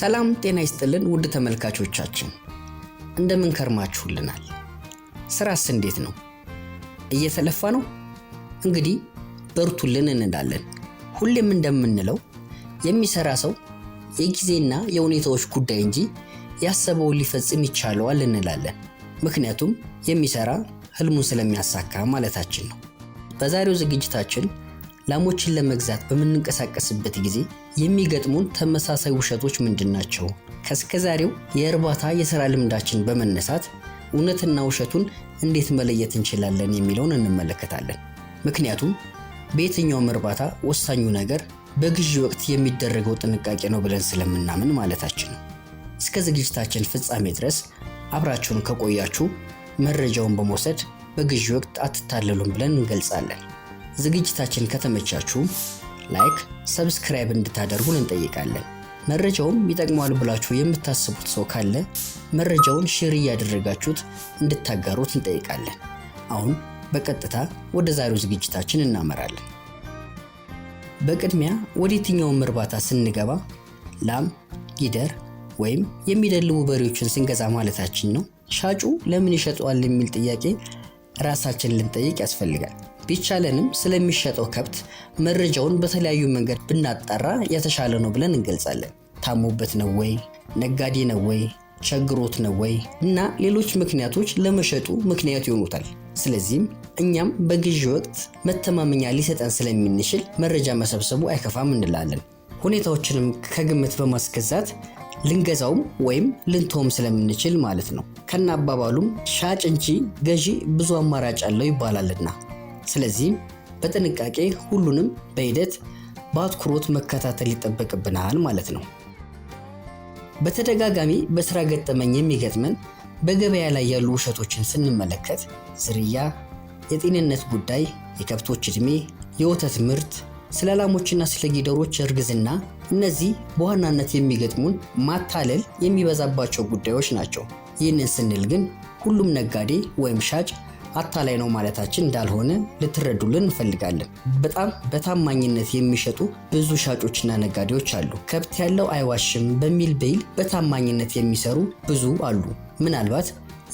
ሰላም ጤና ይስጥልን ውድ ተመልካቾቻችን እንደምን ከርማችሁልናል? ስራስ እንዴት ነው? እየተለፋ ነው? እንግዲህ በርቱልን እንላለን። ሁሌም እንደምንለው የሚሰራ ሰው የጊዜና የሁኔታዎች ጉዳይ እንጂ ያሰበውን ሊፈጽም ይቻለዋል እንላለን። ምክንያቱም የሚሰራ ህልሙን ስለሚያሳካ ማለታችን ነው። በዛሬው ዝግጅታችን ላሞችን ለመግዛት በምንንቀሳቀስበት ጊዜ የሚገጥሙን ተመሳሳይ ውሸቶች ምንድን ናቸው? ከእስከዛሬው የእርባታ የሥራ ልምዳችን በመነሳት እውነትና ውሸቱን እንዴት መለየት እንችላለን የሚለውን እንመለከታለን። ምክንያቱም በየትኛውም እርባታ ወሳኙ ነገር በግዢ ወቅት የሚደረገው ጥንቃቄ ነው ብለን ስለምናምን ማለታችን ነው። እስከ ዝግጅታችን ፍጻሜ ድረስ አብራችሁን ከቆያችሁ መረጃውን በመውሰድ በግዢ ወቅት አትታለሉም ብለን እንገልጻለን። ዝግጅታችን ከተመቻችሁ ላይክ፣ ሰብስክራይብ እንድታደርጉን እንጠይቃለን። መረጃውም ይጠቅመዋል ብላችሁ የምታስቡት ሰው ካለ መረጃውን ሼር እያደረጋችሁት እንድታጋሩት እንጠይቃለን። አሁን በቀጥታ ወደ ዛሬው ዝግጅታችን እናመራለን። በቅድሚያ ወደ የትኛውም እርባታ ስንገባ ላም፣ ጊደር ወይም የሚደልቡ በሬዎችን ስንገዛ ማለታችን ነው። ሻጩ ለምን ይሸጠዋል የሚል ጥያቄ ራሳችን ልንጠይቅ ያስፈልጋል። ቢቻለንም ስለሚሸጠው ከብት መረጃውን በተለያዩ መንገድ ብናጠራ የተሻለ ነው ብለን እንገልጻለን። ታሞበት ነው ወይ? ነጋዴ ነው ወይ? ቸግሮት ነው ወይ? እና ሌሎች ምክንያቶች ለመሸጡ ምክንያት ይሆኑታል። ስለዚህም እኛም በግዢ ወቅት መተማመኛ ሊሰጠን ስለሚንችል መረጃ መሰብሰቡ አይከፋም እንላለን። ሁኔታዎችንም ከግምት በማስገዛት ልንገዛውም ወይም ልንተውም ስለምንችል ማለት ነው። ከነ አባባሉም ሻጭ እንጂ ገዢ ብዙ አማራጭ አለው ይባላልና ስለዚህም በጥንቃቄ ሁሉንም በሂደት በአትኩሮት መከታተል ይጠበቅብናል ማለት ነው። በተደጋጋሚ በስራ ገጠመኝ የሚገጥመን በገበያ ላይ ያሉ ውሸቶችን ስንመለከት ዝርያ፣ የጤንነት ጉዳይ፣ የከብቶች ዕድሜ፣ የወተት ምርት፣ ስለ ላሞችና ስለ ጊደሮች እርግዝና፣ እነዚህ በዋናነት የሚገጥሙን ማታለል የሚበዛባቸው ጉዳዮች ናቸው። ይህንን ስንል ግን ሁሉም ነጋዴ ወይም ሻጭ አታላይ ነው ማለታችን እንዳልሆነ ልትረዱልን እንፈልጋለን። በጣም በታማኝነት የሚሸጡ ብዙ ሻጮችና ነጋዴዎች አሉ። ከብት ያለው አይዋሽም በሚል ብሂል በታማኝነት የሚሰሩ ብዙ አሉ። ምናልባት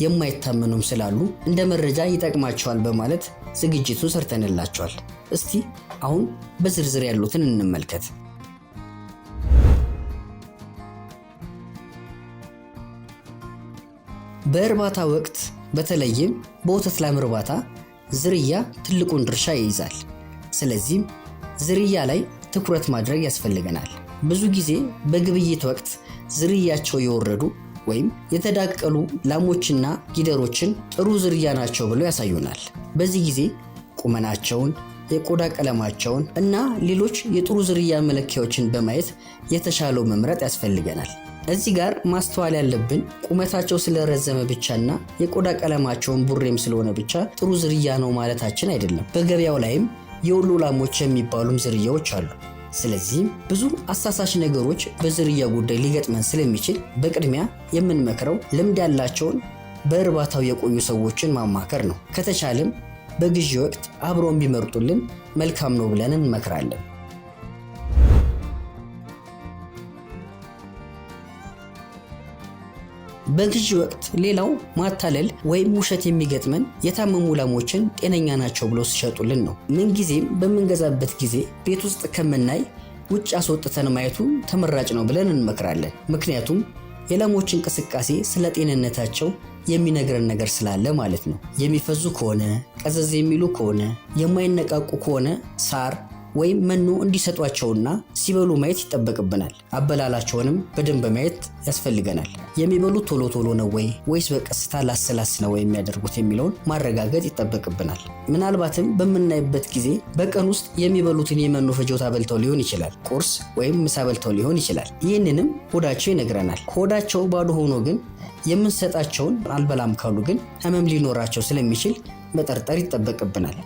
የማይታመኑም ስላሉ እንደ መረጃ ይጠቅማቸዋል በማለት ዝግጅቱን ሰርተንላቸዋል። እስቲ አሁን በዝርዝር ያሉትን እንመልከት። በእርባታ ወቅት በተለይም በወተት ላም እርባታ ዝርያ ትልቁን ድርሻ ይይዛል። ስለዚህም ዝርያ ላይ ትኩረት ማድረግ ያስፈልገናል። ብዙ ጊዜ በግብይት ወቅት ዝርያቸው የወረዱ ወይም የተዳቀሉ ላሞችና ጊደሮችን ጥሩ ዝርያ ናቸው ብለው ያሳዩናል። በዚህ ጊዜ ቁመናቸውን፣ የቆዳ ቀለማቸውን እና ሌሎች የጥሩ ዝርያ መለኪያዎችን በማየት የተሻለው መምረጥ ያስፈልገናል። እዚህ ጋር ማስተዋል ያለብን ቁመታቸው ስለረዘመ ብቻና የቆዳ ቀለማቸውን ቡሬም ስለሆነ ብቻ ጥሩ ዝርያ ነው ማለታችን አይደለም። በገበያው ላይም የወሎ ላሞች የሚባሉም ዝርያዎች አሉ። ስለዚህም ብዙ አሳሳች ነገሮች በዝርያ ጉዳይ ሊገጥመን ስለሚችል በቅድሚያ የምንመክረው ልምድ ያላቸውን በእርባታው የቆዩ ሰዎችን ማማከር ነው። ከተቻለም በግዢ ወቅት አብረውን ቢመርጡልን መልካም ነው ብለን እንመክራለን። በግዥ ወቅት ሌላው ማታለል ወይም ውሸት የሚገጥመን የታመሙ ላሞችን ጤነኛ ናቸው ብሎ ሲሸጡልን ነው። ምንጊዜም በምንገዛበት ጊዜ ቤት ውስጥ ከምናይ ውጭ አስወጥተን ማየቱ ተመራጭ ነው ብለን እንመክራለን። ምክንያቱም የላሞች እንቅስቃሴ ስለ ጤንነታቸው የሚነግረን ነገር ስላለ ማለት ነው። የሚፈዙ ከሆነ፣ ቀዘዝ የሚሉ ከሆነ፣ የማይነቃቁ ከሆነ ሳር ወይም መኖ እንዲሰጧቸውና ሲበሉ ማየት ይጠበቅብናል። አበላላቸውንም በደንብ ማየት ያስፈልገናል። የሚበሉት ቶሎ ቶሎ ነው ወይ ወይስ በቀስታ ላስላስ ነው የሚያደርጉት የሚለውን ማረጋገጥ ይጠበቅብናል። ምናልባትም በምናይበት ጊዜ በቀን ውስጥ የሚበሉትን የመኖ ፍጆታ በልተው ሊሆን ይችላል። ቁርስ ወይም ምሳ በልተው ሊሆን ይችላል። ይህንንም ሆዳቸው ይነግረናል። ሆዳቸው ባዶ ሆኖ ግን የምንሰጣቸውን አልበላም ካሉ ግን ህመም ሊኖራቸው ስለሚችል መጠርጠር ይጠበቅብናል።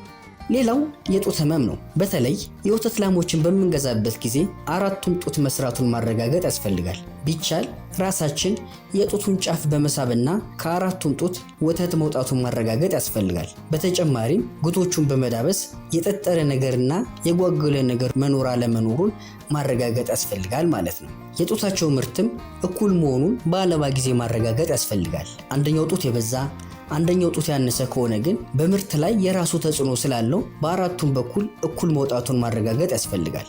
ሌላው የጡት ህመም ነው። በተለይ የወተት ላሞችን በምንገዛበት ጊዜ አራቱም ጡት መስራቱን ማረጋገጥ ያስፈልጋል። ቢቻል ራሳችን የጡቱን ጫፍ በመሳብና ከአራቱም ጡት ወተት መውጣቱን ማረጋገጥ ያስፈልጋል። በተጨማሪም ጉቶቹን በመዳበስ የጠጠረ ነገርና የጓገለ ነገር መኖር አለመኖሩን ማረጋገጥ ያስፈልጋል ማለት ነው። የጡታቸው ምርትም እኩል መሆኑን በአለባ ጊዜ ማረጋገጥ ያስፈልጋል። አንደኛው ጡት የበዛ አንደኛው ጡት ያነሰ ከሆነ ግን በምርት ላይ የራሱ ተጽዕኖ ስላለው በአራቱም በኩል እኩል መውጣቱን ማረጋገጥ ያስፈልጋል።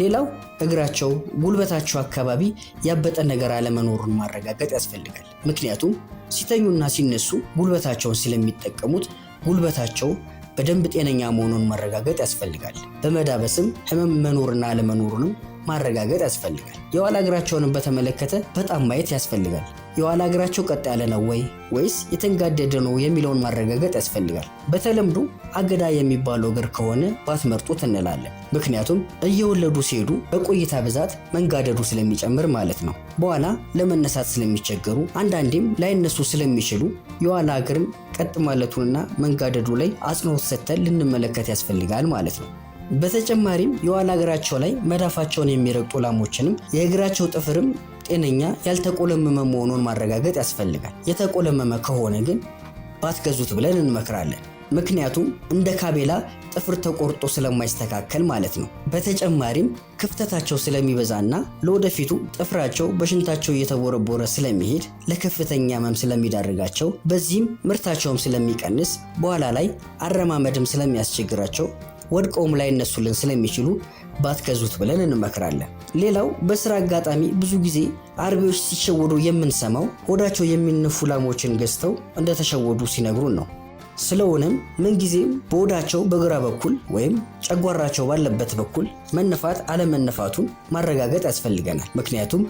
ሌላው እግራቸው፣ ጉልበታቸው አካባቢ ያበጠ ነገር አለመኖሩን ማረጋገጥ ያስፈልጋል። ምክንያቱም ሲተኙና ሲነሱ ጉልበታቸውን ስለሚጠቀሙት ጉልበታቸው በደንብ ጤነኛ መሆኑን ማረጋገጥ ያስፈልጋል። በመዳበስም ህመም መኖርና አለመኖሩንም ማረጋገጥ ያስፈልጋል። የኋላ እግራቸውንም በተመለከተ በጣም ማየት ያስፈልጋል። የኋላ እግራቸው ቀጥ ያለ ነው ወይ ወይስ የተንጋደደ ነው የሚለውን ማረጋገጥ ያስፈልጋል። በተለምዶ አገዳ የሚባለው እግር ከሆነ ባትመርጡት እንላለን። ምክንያቱም እየወለዱ ሲሄዱ በቆይታ ብዛት መንጋደዱ ስለሚጨምር ማለት ነው። በኋላ ለመነሳት ስለሚቸገሩ አንዳንዴም ላይነሱ ስለሚችሉ የኋላ እግርን ቀጥ ማለቱንና መንጋደዱ ላይ አጽንኦት ሰጥተን ልንመለከት ያስፈልጋል ማለት ነው። በተጨማሪም የኋላ እግራቸው ላይ መዳፋቸውን የሚረግጡ ላሞችንም የእግራቸው ጥፍርም ጤነኛ ያልተቆለመመ መሆኑን ማረጋገጥ ያስፈልጋል። የተቆለመመ ከሆነ ግን ባትገዙት ብለን እንመክራለን። ምክንያቱም እንደ ካቤላ ጥፍር ተቆርጦ ስለማይስተካከል ማለት ነው። በተጨማሪም ክፍተታቸው ስለሚበዛና ለወደፊቱ ጥፍራቸው በሽንታቸው እየተቦረቦረ ስለሚሄድ ለከፍተኛ ሕመም ስለሚዳርጋቸው፣ በዚህም ምርታቸውም ስለሚቀንስ በኋላ ላይ አረማመድም ስለሚያስቸግራቸው ወድቀውም እነሱልን ስለሚችሉ ባትገዙት ብለን እንመክራለን። ሌላው በስራ አጋጣሚ ብዙ ጊዜ አርቢዎች ሲሸወዱ የምንሰማው ሆዳቸው የሚነፉ ላሞችን ገዝተው እንደተሸወዱ ሲነግሩን ነው። ስለሆነም ምንጊዜም በሆዳቸው በግራ በኩል ወይም ጨጓራቸው ባለበት በኩል መነፋት አለመነፋቱን ማረጋገጥ ያስፈልገናል። ምክንያቱም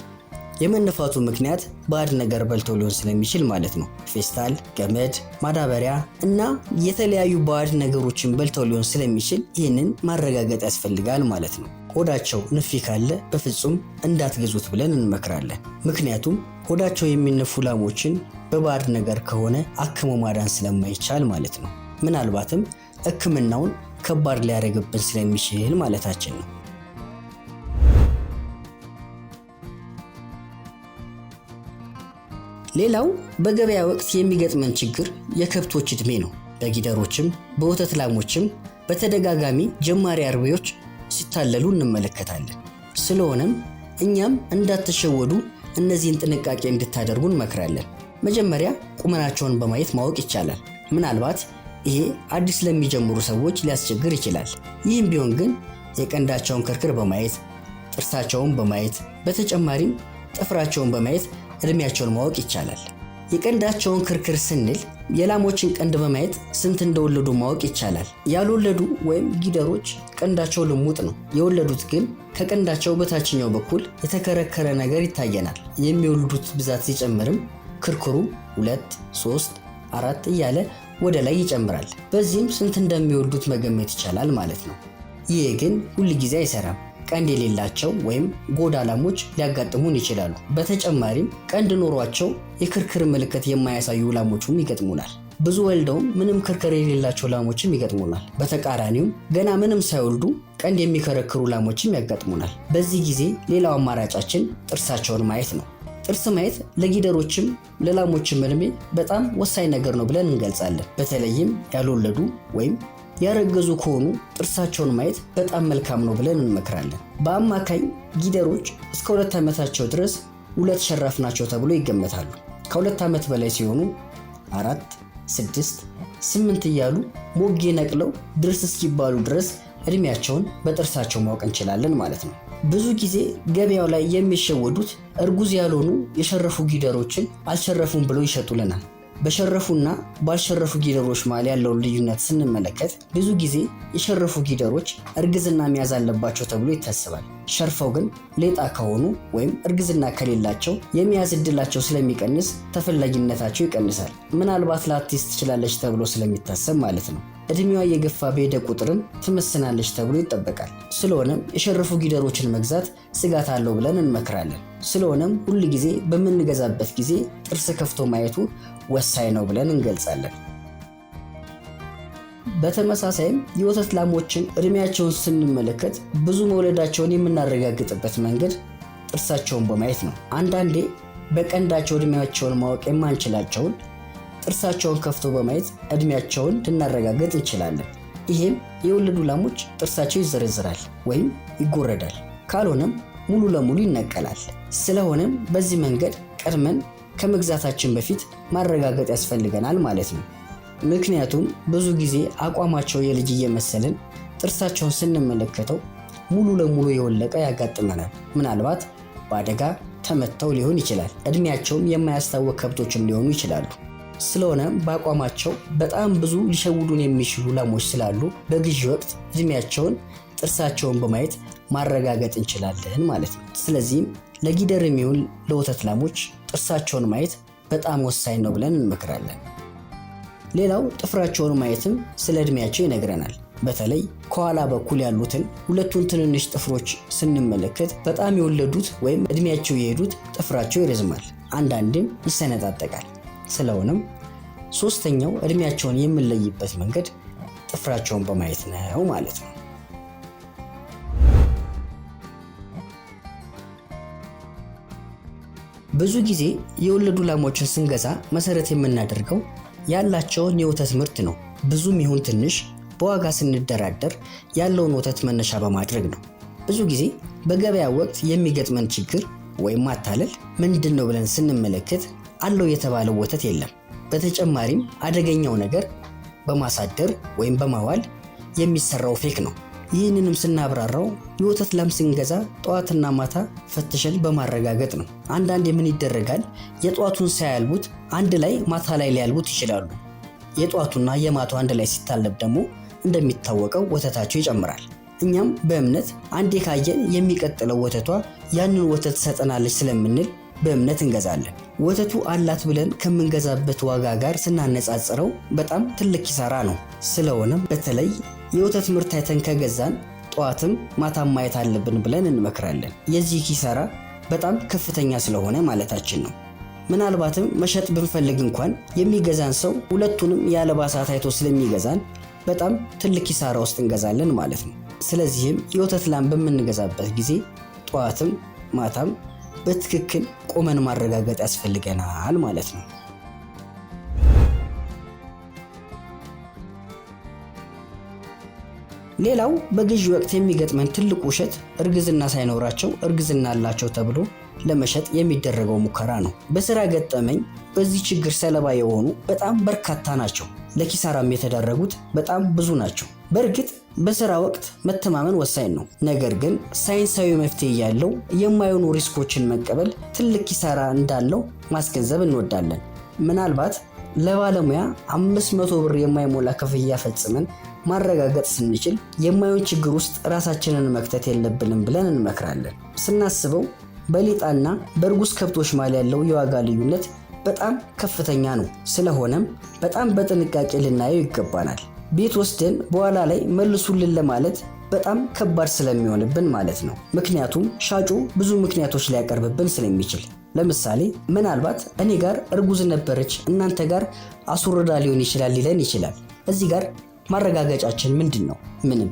የመነፋቱ ምክንያት ባዕድ ነገር በልቶ ሊሆን ስለሚችል ማለት ነው። ፌስታል፣ ገመድ፣ ማዳበሪያ እና የተለያዩ ባዕድ ነገሮችን በልተው ሊሆን ስለሚችል ይህንን ማረጋገጥ ያስፈልጋል ማለት ነው። ሆዳቸው ንፊ ካለ በፍጹም እንዳትገዙት ብለን እንመክራለን። ምክንያቱም ሆዳቸው የሚነፉ ላሞችን በባዕድ ነገር ከሆነ አክሞ ማዳን ስለማይቻል ማለት ነው። ምናልባትም ሕክምናውን ከባድ ሊያደርግብን ስለሚችል ማለታችን ነው። ሌላው በገበያ ወቅት የሚገጥመን ችግር የከብቶች ዕድሜ ነው። በጊደሮችም በወተት ላሞችም በተደጋጋሚ ጀማሪ አርቢዎች ሲታለሉ እንመለከታለን። ስለሆነም እኛም እንዳትሸወዱ እነዚህን ጥንቃቄ እንድታደርጉ እንመክራለን። መጀመሪያ ቁመናቸውን በማየት ማወቅ ይቻላል። ምናልባት ይሄ አዲስ ለሚጀምሩ ሰዎች ሊያስቸግር ይችላል። ይህም ቢሆን ግን የቀንዳቸውን ክርክር በማየት ጥርሳቸውን በማየት በተጨማሪም ጥፍራቸውን በማየት እድሜያቸውን ማወቅ ይቻላል። የቀንዳቸውን ክርክር ስንል የላሞችን ቀንድ በማየት ስንት እንደወለዱ ማወቅ ይቻላል። ያልወለዱ ወይም ጊደሮች ቀንዳቸው ልሙጥ ነው። የወለዱት ግን ከቀንዳቸው በታችኛው በኩል የተከረከረ ነገር ይታየናል። የሚወልዱት ብዛት ሲጨምርም ክርክሩ ሁለት፣ ሶስት፣ አራት እያለ ወደ ላይ ይጨምራል። በዚህም ስንት እንደሚወልዱት መገመት ይቻላል ማለት ነው። ይህ ግን ሁል ጊዜ አይሰራም። ቀንድ የሌላቸው ወይም ጎዳ ላሞች ሊያጋጥሙን ይችላሉ። በተጨማሪም ቀንድ ኖሯቸው የክርክር ምልክት የማያሳዩ ላሞቹም ይገጥሙናል። ብዙ ወልደውም ምንም ክርክር የሌላቸው ላሞችም ይገጥሙናል። በተቃራኒውም ገና ምንም ሳይወልዱ ቀንድ የሚከረክሩ ላሞችም ያጋጥሙናል። በዚህ ጊዜ ሌላው አማራጫችን ጥርሳቸውን ማየት ነው። ጥርስ ማየት ለጊደሮችም ለላሞችም እድሜ በጣም ወሳኝ ነገር ነው ብለን እንገልጻለን። በተለይም ያልወለዱ ወይም ያረገዙ ከሆኑ ጥርሳቸውን ማየት በጣም መልካም ነው ብለን እንመክራለን። በአማካኝ ጊደሮች እስከ ሁለት ዓመታቸው ድረስ ሁለት ሸራፍ ናቸው ተብሎ ይገመታሉ። ከሁለት ዓመት በላይ ሲሆኑ አራት፣ ስድስት፣ ስምንት እያሉ ሞጌ ነቅለው ድርስ እስኪባሉ ድረስ እድሜያቸውን በጥርሳቸው ማወቅ እንችላለን ማለት ነው። ብዙ ጊዜ ገበያው ላይ የሚሸወዱት እርጉዝ ያልሆኑ የሸረፉ ጊደሮችን አልሸረፉም ብለው ይሸጡልናል። በሸረፉና ባልሸረፉ ጊደሮች መሃል ያለውን ልዩነት ስንመለከት ብዙ ጊዜ የሸረፉ ጊደሮች እርግዝና መያዝ አለባቸው ተብሎ ይታሰባል። ሸርፈው ግን ሌጣ ከሆኑ ወይም እርግዝና ከሌላቸው የመያዝ እድላቸው ስለሚቀንስ ተፈላጊነታቸው ይቀንሳል። ምናልባት ላትይዝ ትችላለች ተብሎ ስለሚታሰብ ማለት ነው። እድሜዋ የገፋ በሄደ ቁጥርም ትመስናለች ተብሎ ይጠበቃል። ስለሆነም የሸረፉ ጊደሮችን መግዛት ስጋት አለው ብለን እንመክራለን። ስለሆነም ሁል ጊዜ በምንገዛበት ጊዜ ጥርስ ከፍቶ ማየቱ ወሳኝ ነው ብለን እንገልጻለን። በተመሳሳይም የወተት ላሞችን እድሜያቸውን ስንመለከት ብዙ መውለዳቸውን የምናረጋግጥበት መንገድ ጥርሳቸውን በማየት ነው። አንዳንዴ በቀንዳቸው እድሜያቸውን ማወቅ የማንችላቸውን ጥርሳቸውን ከፍቶ በማየት እድሜያቸውን ልናረጋግጥ እንችላለን። ይህም የወለዱ ላሞች ጥርሳቸው ይዘረዝራል ወይም ይጎረዳል፣ ካልሆነም ሙሉ ለሙሉ ይነቀላል። ስለሆነም በዚህ መንገድ ቀድመን ከመግዛታችን በፊት ማረጋገጥ ያስፈልገናል ማለት ነው። ምክንያቱም ብዙ ጊዜ አቋማቸው የልጅ እየመሰልን ጥርሳቸውን ስንመለከተው ሙሉ ለሙሉ የወለቀ ያጋጥመናል። ምናልባት በአደጋ ተመተው ሊሆን ይችላል። እድሜያቸውም የማያስታወቅ ከብቶችም ሊሆኑ ይችላሉ። ስለሆነም በአቋማቸው በጣም ብዙ ሊሸውዱን የሚችሉ ላሞች ስላሉ በግዢ ወቅት እድሜያቸውን ጥርሳቸውን በማየት ማረጋገጥ እንችላለን ማለት ነው። ስለዚህም ለጊደር የሚውል ለወተት ላሞች ጥርሳቸውን ማየት በጣም ወሳኝ ነው ብለን እንመክራለን። ሌላው ጥፍራቸውን ማየትም ስለ ዕድሜያቸው ይነግረናል። በተለይ ከኋላ በኩል ያሉትን ሁለቱን ትንንሽ ጥፍሮች ስንመለከት በጣም የወለዱት ወይም ዕድሜያቸው የሄዱት ጥፍራቸው ይረዝማል፣ አንዳንድም ይሰነጣጠቃል። ስለሆነም ሶስተኛው ዕድሜያቸውን የምንለይበት መንገድ ጥፍራቸውን በማየት ነው ማለት ነው። ብዙ ጊዜ የወለዱ ላሞችን ስንገዛ መሰረት የምናደርገው ያላቸውን የወተት ምርት ነው። ብዙም ይሁን ትንሽ በዋጋ ስንደራደር ያለውን ወተት መነሻ በማድረግ ነው። ብዙ ጊዜ በገበያ ወቅት የሚገጥመን ችግር ወይም ማታለል ምንድን ነው ብለን ስንመለከት አለው የተባለው ወተት የለም። በተጨማሪም አደገኛው ነገር በማሳደር ወይም በማዋል የሚሰራው ፌክ ነው። ይህንንም ስናብራራው የወተት ላም ስንገዛ ጠዋትና ማታ ፈትሸን በማረጋገጥ ነው። አንዳንዴ ምን ይደረጋል? የጠዋቱን ሳያልቡት አንድ ላይ ማታ ላይ ሊያልቡት ይችላሉ። የጠዋቱና የማታው አንድ ላይ ሲታለብ ደግሞ እንደሚታወቀው ወተታቸው ይጨምራል። እኛም በእምነት አንዴ ካየን የሚቀጥለው ወተቷ ያንን ወተት ትሰጠናለች ስለምንል በእምነት እንገዛለን። ወተቱ አላት ብለን ከምንገዛበት ዋጋ ጋር ስናነጻጽረው በጣም ትልቅ ኪሳራ ነው። ስለሆነም በተለይ የወተት ምርት አይተን ከገዛን ጠዋትም ማታም ማየት አለብን ብለን እንመክራለን። የዚህ ኪሳራ በጣም ከፍተኛ ስለሆነ ማለታችን ነው። ምናልባትም መሸጥ ብንፈልግ እንኳን የሚገዛን ሰው ሁለቱንም የአልባሳት አይቶ ስለሚገዛን በጣም ትልቅ ኪሳራ ውስጥ እንገዛለን ማለት ነው። ስለዚህም የወተት ላም በምንገዛበት ጊዜ ጠዋትም ማታም በትክክል ቆመን ማረጋገጥ ያስፈልገናል ማለት ነው። ሌላው በግዢ ወቅት የሚገጥመን ትልቁ ውሸት እርግዝና ሳይኖራቸው እርግዝና አላቸው ተብሎ ለመሸጥ የሚደረገው ሙከራ ነው። በስራ ገጠመኝ በዚህ ችግር ሰለባ የሆኑ በጣም በርካታ ናቸው። ለኪሳራም የተዳረጉት በጣም ብዙ ናቸው። በእርግጥ በስራ ወቅት መተማመን ወሳኝ ነው። ነገር ግን ሳይንሳዊ መፍትሄ ያለው የማይሆኑ ሪስኮችን መቀበል ትልቅ ኪሳራ እንዳለው ማስገንዘብ እንወዳለን። ምናልባት ለባለሙያ 500 ብር የማይሞላ ክፍያ ፈጽመን ማረጋገጥ ስንችል የማየውን ችግር ውስጥ ራሳችንን መክተት የለብንም ብለን እንመክራለን። ስናስበው በሊጣና በእርጉዝ ከብቶች መሃል ያለው የዋጋ ልዩነት በጣም ከፍተኛ ነው። ስለሆነም በጣም በጥንቃቄ ልናየው ይገባናል። ቤት ወስደን በኋላ ላይ መልሱልን ለማለት በጣም ከባድ ስለሚሆንብን ማለት ነው። ምክንያቱም ሻጩ ብዙ ምክንያቶች ሊያቀርብብን ስለሚችል፣ ለምሳሌ ምናልባት እኔ ጋር እርጉዝ ነበረች እናንተ ጋር አስወርዳ ሊሆን ይችላል ሊለን ይችላል። እዚህ ጋር ማረጋገጫችን ምንድን ነው? ምንም።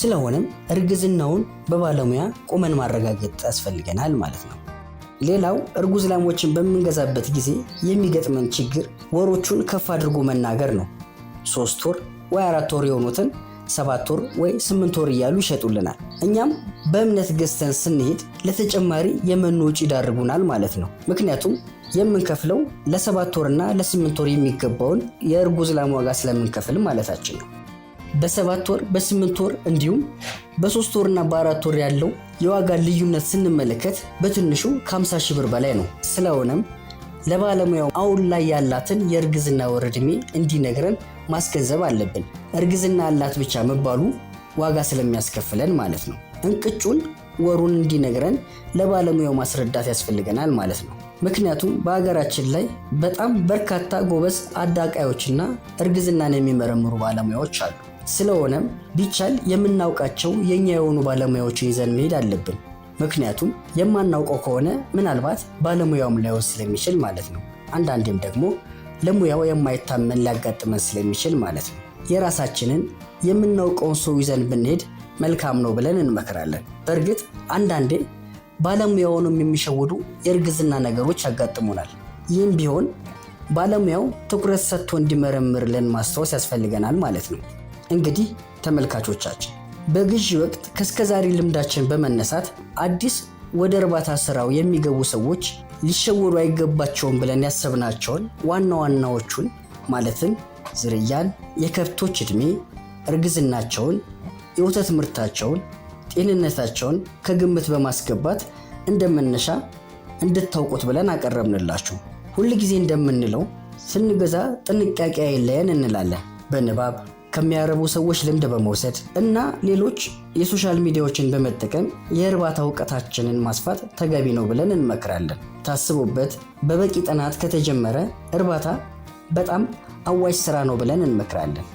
ስለሆነም እርግዝናውን በባለሙያ ቁመን ማረጋገጥ ያስፈልገናል ማለት ነው። ሌላው እርጉዝ ላሞችን በምንገዛበት ጊዜ የሚገጥመን ችግር ወሮቹን ከፍ አድርጎ መናገር ነው። ሶስት ወር ወይ አራት ወር የሆኑትን ሰባት ወር ወይ ስምንት ወር እያሉ ይሸጡልናል። እኛም በእምነት ገዝተን ስንሄድ ለተጨማሪ የመኖ ውጭ ይዳርጉናል ማለት ነው። ምክንያቱም የምንከፍለው ለሰባት ወርና ለስምንት ወር የሚገባውን የእርጉዝ ላም ዋጋ ስለምንከፍል ማለታችን ነው። በሰባት ወር በስምንት ወር እንዲሁም በሶስት ወርና በአራት ወር ያለው የዋጋ ልዩነት ስንመለከት በትንሹ ከ50 ሺህ ብር በላይ ነው። ስለሆነም ለባለሙያው አሁን ላይ ያላትን የእርግዝና ወር ዕድሜ እንዲነግረን ማስገንዘብ አለብን። እርግዝና ያላት ብቻ መባሉ ዋጋ ስለሚያስከፍለን ማለት ነው። እንቅጩን ወሩን እንዲነግረን ለባለሙያው ማስረዳት ያስፈልገናል ማለት ነው። ምክንያቱም በሀገራችን ላይ በጣም በርካታ ጎበዝ አዳቃዮችና እርግዝናን የሚመረምሩ ባለሙያዎች አሉ። ስለሆነም ቢቻል የምናውቃቸው የእኛ የሆኑ ባለሙያዎችን ይዘን መሄድ አለብን። ምክንያቱም የማናውቀው ከሆነ ምናልባት ባለሙያውም ላይወስ ስለሚችል ማለት ነው። አንዳንዴም ደግሞ ለሙያው የማይታመን ሊያጋጥመን ስለሚችል ማለት ነው። የራሳችንን የምናውቀውን ሰው ይዘን ብንሄድ መልካም ነው ብለን እንመክራለን። በእርግጥ አንዳንዴ ባለሙያውንም የሚሸውዱ የእርግዝና ነገሮች ያጋጥሙናል። ይህም ቢሆን ባለሙያው ትኩረት ሰጥቶ እንዲመረምርልን ማስታወስ ያስፈልገናል ማለት ነው። እንግዲህ ተመልካቾቻችን በግዢ ወቅት ከእስከዛሬ ልምዳችን በመነሳት አዲስ ወደ እርባታ ስራው የሚገቡ ሰዎች ሊሸወዱ አይገባቸውም ብለን ያሰብናቸውን ዋና ዋናዎቹን ማለትም ዝርያን፣ የከብቶች ዕድሜ፣ እርግዝናቸውን፣ የወተት ምርታቸውን፣ ጤንነታቸውን ከግምት በማስገባት እንደመነሻ እንድታውቁት ብለን አቀረብንላችሁ። ሁል ጊዜ እንደምንለው ስንገዛ ጥንቃቄ አይለየን እንላለን። በንባብ ከሚያረቡ ሰዎች ልምድ በመውሰድ እና ሌሎች የሶሻል ሚዲያዎችን በመጠቀም የእርባታ እውቀታችንን ማስፋት ተገቢ ነው ብለን እንመክራለን። ታስቦበት በበቂ ጥናት ከተጀመረ እርባታ በጣም አዋጅ ስራ ነው ብለን እንመክራለን።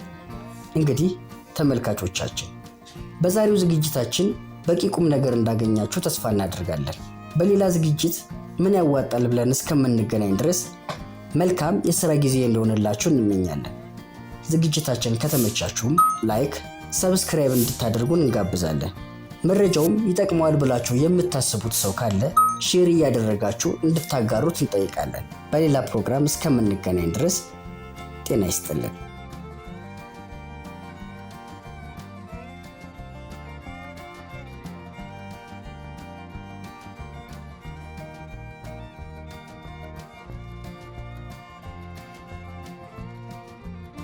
እንግዲህ ተመልካቾቻችን በዛሬው ዝግጅታችን በቂ ቁም ነገር እንዳገኛችሁ ተስፋ እናደርጋለን። በሌላ ዝግጅት ምን ያዋጣል ብለን እስከምንገናኝ ድረስ መልካም የሥራ ጊዜ እንደሆነላችሁ እንመኛለን። ዝግጅታችን ከተመቻችሁም ላይክ፣ ሰብስክራይብ እንድታደርጉን እንጋብዛለን። መረጃውም ይጠቅመዋል ብላችሁ የምታስቡት ሰው ካለ ሼር እያደረጋችሁ እንድታጋሩት እንጠይቃለን። በሌላ ፕሮግራም እስከምንገናኝ ድረስ ጤና ይስጥልን።